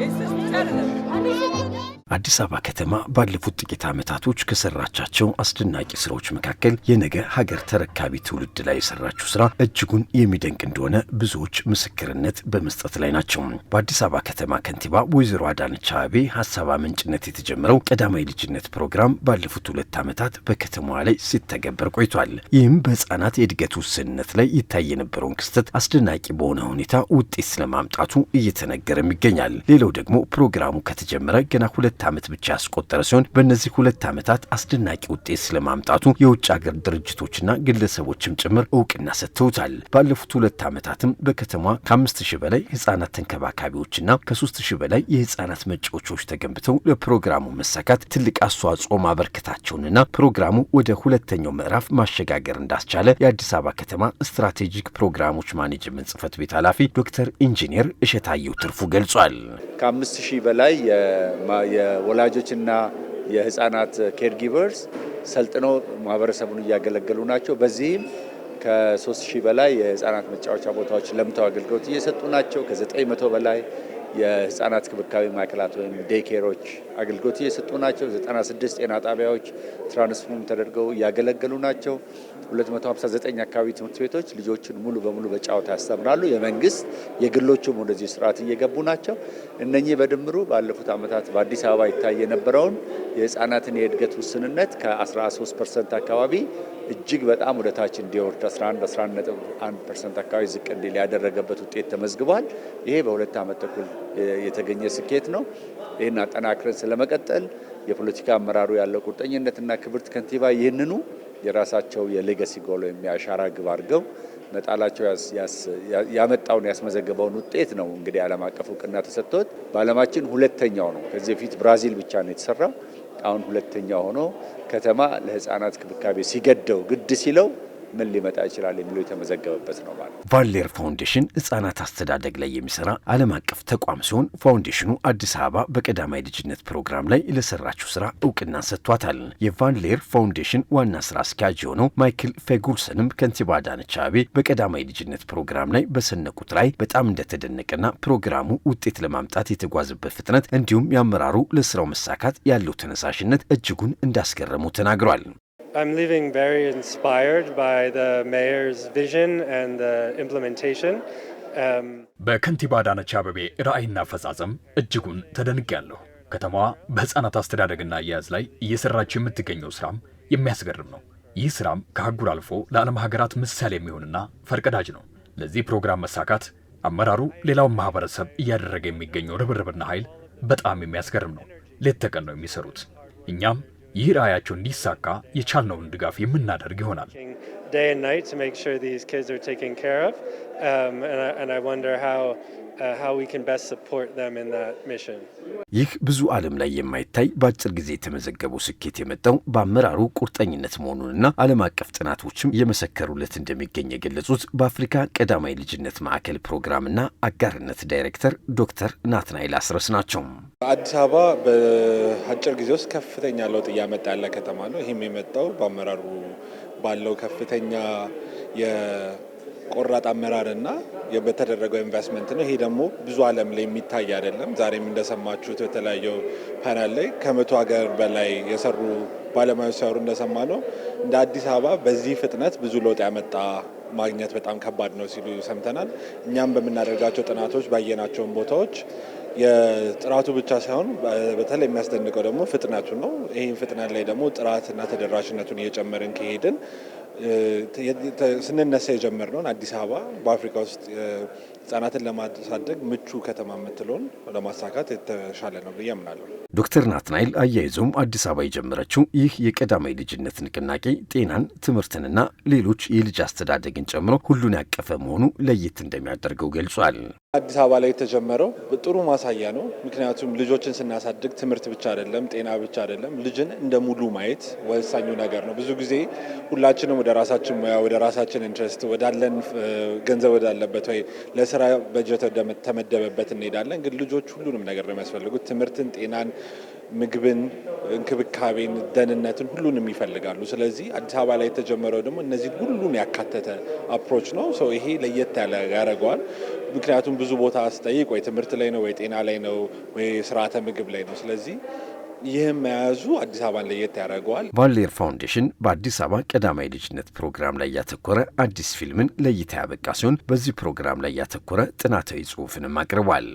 It's just repetitive. አዲስ አበባ ከተማ ባለፉት ጥቂት ዓመታቶች ከሰራቻቸው አስደናቂ ስራዎች መካከል የነገ ሀገር ተረካቢ ትውልድ ላይ የሰራችው ስራ እጅጉን የሚደንቅ እንደሆነ ብዙዎች ምስክርነት በመስጠት ላይ ናቸው። በአዲስ አበባ ከተማ ከንቲባ ወይዘሮ አዳነች አቤቤ ሀሳብ አመንጭነት የተጀመረው ቀዳማዊ ልጅነት ፕሮግራም ባለፉት ሁለት ዓመታት በከተማዋ ላይ ሲተገበር ቆይቷል። ይህም በህፃናት የእድገት ውስንነት ላይ ይታይ የነበረውን ክስተት አስደናቂ በሆነ ሁኔታ ውጤት ስለማምጣቱ እየተነገረም ይገኛል። ሌላው ደግሞ ፕሮግራሙ ከተጀመረ ገና ሁለት ዓመት ብቻ ያስቆጠረ ሲሆን በእነዚህ ሁለት ዓመታት አስደናቂ ውጤት ስለማምጣቱ የውጭ ሀገር ድርጅቶችና ግለሰቦችም ጭምር እውቅና ሰጥተውታል። ባለፉት ሁለት ዓመታትም በከተማዋ ከአምስት ሺህ በላይ ህጻናት ተንከባካቢዎችና ከሶስት ሺህ በላይ የህጻናት መጫወቻዎች ተገንብተው ለፕሮግራሙ መሳካት ትልቅ አስተዋጽኦ ማበርከታቸውንና ፕሮግራሙ ወደ ሁለተኛው ምዕራፍ ማሸጋገር እንዳስቻለ የአዲስ አበባ ከተማ ስትራቴጂክ ፕሮግራሞች ማኔጅመንት ጽህፈት ቤት ኃላፊ ዶክተር ኢንጂነር እሸታየው ትርፉ ገልጿል። ከአምስት ሺህ በላይ የወላጆችና የህፃናት ኬርጊቨርስ ሰልጥነው ማህበረሰቡን እያገለገሉ ናቸው። በዚህም ከሶስት ሺህ በላይ የህፃናት መጫወቻ ቦታዎች ለምተው አገልግሎት እየሰጡ ናቸው። ከ መቶ በላይ የህፃናት ክብካቤ ማዕከላት ወይም ዴኬሮች አገልግሎት እየሰጡ ናቸው። 96 ጤና ጣቢያዎች ትራንስፎርም ተደርገው እያገለገሉ ናቸው። 259 አካባቢ ትምህርት ቤቶች ልጆችን ሙሉ በሙሉ በጨዋታ ያስተምራሉ። የመንግስት የግሎቹም ወደዚህ ስርዓት እየገቡ ናቸው። እነኚህ በድምሩ ባለፉት ዓመታት በአዲስ አበባ ይታይ የነበረውን የህፃናትን የእድገት ውስንነት ከ13 ፐርሰንት አካባቢ እጅግ በጣም ወደታች እንዲወርድ 11 11.1 ፐርሰንት አካባቢ ዝቅ እንዲል ያደረገበት ውጤት ተመዝግቧል። ይሄ በሁለት ዓመት ተኩል የተገኘ ስኬት ነው። ይህን አጠናክረን ስለመቀጠል የፖለቲካ አመራሩ ያለው ቁርጠኝነትና ክብርት ከንቲባ ይህንኑ የራሳቸው የሌገሲ ጎል ወይም የአሻራ ግብ አድርገው መጣላቸው ያመጣውን ያስመዘገበውን ውጤት ነው እንግዲህ ዓለም አቀፍ እውቅና ተሰጥቶት በዓለማችን ሁለተኛው ነው። ከዚህ በፊት ብራዚል ብቻ ነው የተሰራው። አሁን ሁለተኛ ሆኖ ከተማ ለህፃናት ክብካቤ ሲገደው ግድ ሲለው ምን ሊመጣ ይችላል የሚለው የተመዘገበበት ነው ማለት። ቫሌር ፋውንዴሽን ህጻናት አስተዳደግ ላይ የሚሰራ ዓለም አቀፍ ተቋም ሲሆን ፋውንዴሽኑ አዲስ አበባ በቀዳማይ ልጅነት ፕሮግራም ላይ ለሰራችው ስራ እውቅና ሰጥቷታል። የቫንሌር ፋውንዴሽን ዋና ስራ አስኪያጅ የሆነው ማይክል ፌጉልሰንም ከንቲባ አዳነች አቤቤ በቀዳማይ ልጅነት ፕሮግራም ላይ በሰነቁት ላይ በጣም እንደተደነቀና ፕሮግራሙ ውጤት ለማምጣት የተጓዘበት ፍጥነት እንዲሁም ያመራሩ ለስራው መሳካት ያለው ተነሳሽነት እጅጉን እንዳስገረሙ ተናግሯል። I'm leaving very inspired by the mayor's vision and the implementation. Um, በከንቲባ አዳነች አቤቤ ራዕይና አፈጻጸም እጅጉን ተደንቄያለሁ። ከተማዋ በሕፃናት አስተዳደግና አያያዝ ላይ እየሰራችው የምትገኘው ስራም የሚያስገርም ነው። ይህ ስራም ከአህጉር አልፎ ለዓለም ሀገራት ምሳሌ የሚሆንና ፈርቀዳጅ ነው። ለዚህ ፕሮግራም መሳካት አመራሩ ሌላውን ማህበረሰብ እያደረገ የሚገኘው ርብርብና ኃይል በጣም የሚያስገርም ነው። ሌት ተቀን ነው የሚሰሩት። እኛም ይህ ራዕያቸው እንዲሳካ የቻልነውን ድጋፍ የምናደርግ ይሆናል። Uh, ይህ ብዙ ዓለም ላይ የማይታይ በአጭር ጊዜ የተመዘገበው ስኬት የመጣው በአመራሩ ቁርጠኝነት መሆኑንና ዓለም አቀፍ ጥናቶችም የመሰከሩለት እንደሚገኝ የገለጹት በአፍሪካ ቀዳማይ ልጅነት ማዕከል ፕሮግራምና አጋርነት ዳይሬክተር ዶክተር ናትናኤል አስረስ ናቸው። አዲስ አበባ በአጭር ጊዜ ውስጥ ከፍተኛ ለውጥ እያመጣ ያለ ከተማ ነው። ይህም የመጣው በአመራሩ ባለው ከፍተኛ ቆራጥ አመራርና በተደረገው ኢንቨስትመንት ነው። ይሄ ደግሞ ብዙ ዓለም ላይ የሚታይ አይደለም። ዛሬም እንደሰማችሁት በተለያየው ፓናል ላይ ከመቶ ሀገር በላይ የሰሩ ባለሙያዎች ሰሩ። እንደሰማ ነው እንደ አዲስ አበባ በዚህ ፍጥነት ብዙ ለውጥ ያመጣ ማግኘት በጣም ከባድ ነው ሲሉ ሰምተናል። እኛም በምናደርጋቸው ጥናቶች ባየናቸውን ቦታዎች የጥራቱ ብቻ ሳይሆን በተለይ የሚያስደንቀው ደግሞ ፍጥነቱ ነው። ይህን ፍጥነት ላይ ደግሞ ጥራትና ተደራሽነቱን እየጨመርን ከሄድን ስንነሳ የጀመርነውን አዲስ አበባ በአፍሪካ ውስጥ ህጻናትን ለማሳደግ ምቹ ከተማ የምትለውን ለማሳካት የተሻለ ነው ብዬ አምናለሁ። ዶክተር ናትናኤል አያይዘውም አዲስ አበባ የጀመረችው ይህ የቀዳማይ ልጅነት ንቅናቄ ጤናን፣ ትምህርትንና ሌሎች የልጅ አስተዳደግን ጨምሮ ሁሉን ያቀፈ መሆኑ ለየት እንደሚያደርገው ገልጿል። አዲስ አበባ ላይ የተጀመረው ጥሩ ማሳያ ነው። ምክንያቱም ልጆችን ስናሳድግ ትምህርት ብቻ አይደለም፣ ጤና ብቻ አይደለም፣ ልጅን እንደ ሙሉ ማየት ወሳኙ ነገር ነው። ብዙ ጊዜ ሁላችንም ወደ ራሳችን ሙያ፣ ወደ ራሳችን ኢንትረስት፣ ወዳለን ገንዘብ ወዳለበት ወይ ለስራ በጀት ተመደበበት እንሄዳለን። ግን ልጆች ሁሉንም ነገር ነው የሚያስፈልጉት፣ ትምህርትን፣ ጤናን ምግብን፣ እንክብካቤን፣ ደህንነትን ሁሉንም ይፈልጋሉ። ስለዚህ አዲስ አበባ ላይ የተጀመረው ደግሞ እነዚህ ሁሉን ያካተተ አፕሮች ነው። ይሄ ለየት ያለ ያደርገዋል። ምክንያቱም ብዙ ቦታ ስጠይቅ ወይ ትምህርት ላይ ነው ወይ ጤና ላይ ነው ወይ ስርዓተ ምግብ ላይ ነው። ስለዚህ ይህም መያዙ አዲስ አበባን ለየት ያደርገዋል። ቫሌር ፋውንዴሽን በአዲስ አበባ ቀዳማዊ ልጅነት ፕሮግራም ላይ ያተኮረ አዲስ ፊልምን ለእይታ ያበቃ ሲሆን በዚህ ፕሮግራም ላይ ያተኮረ ጥናታዊ ጽሑፍንም አቅርቧል።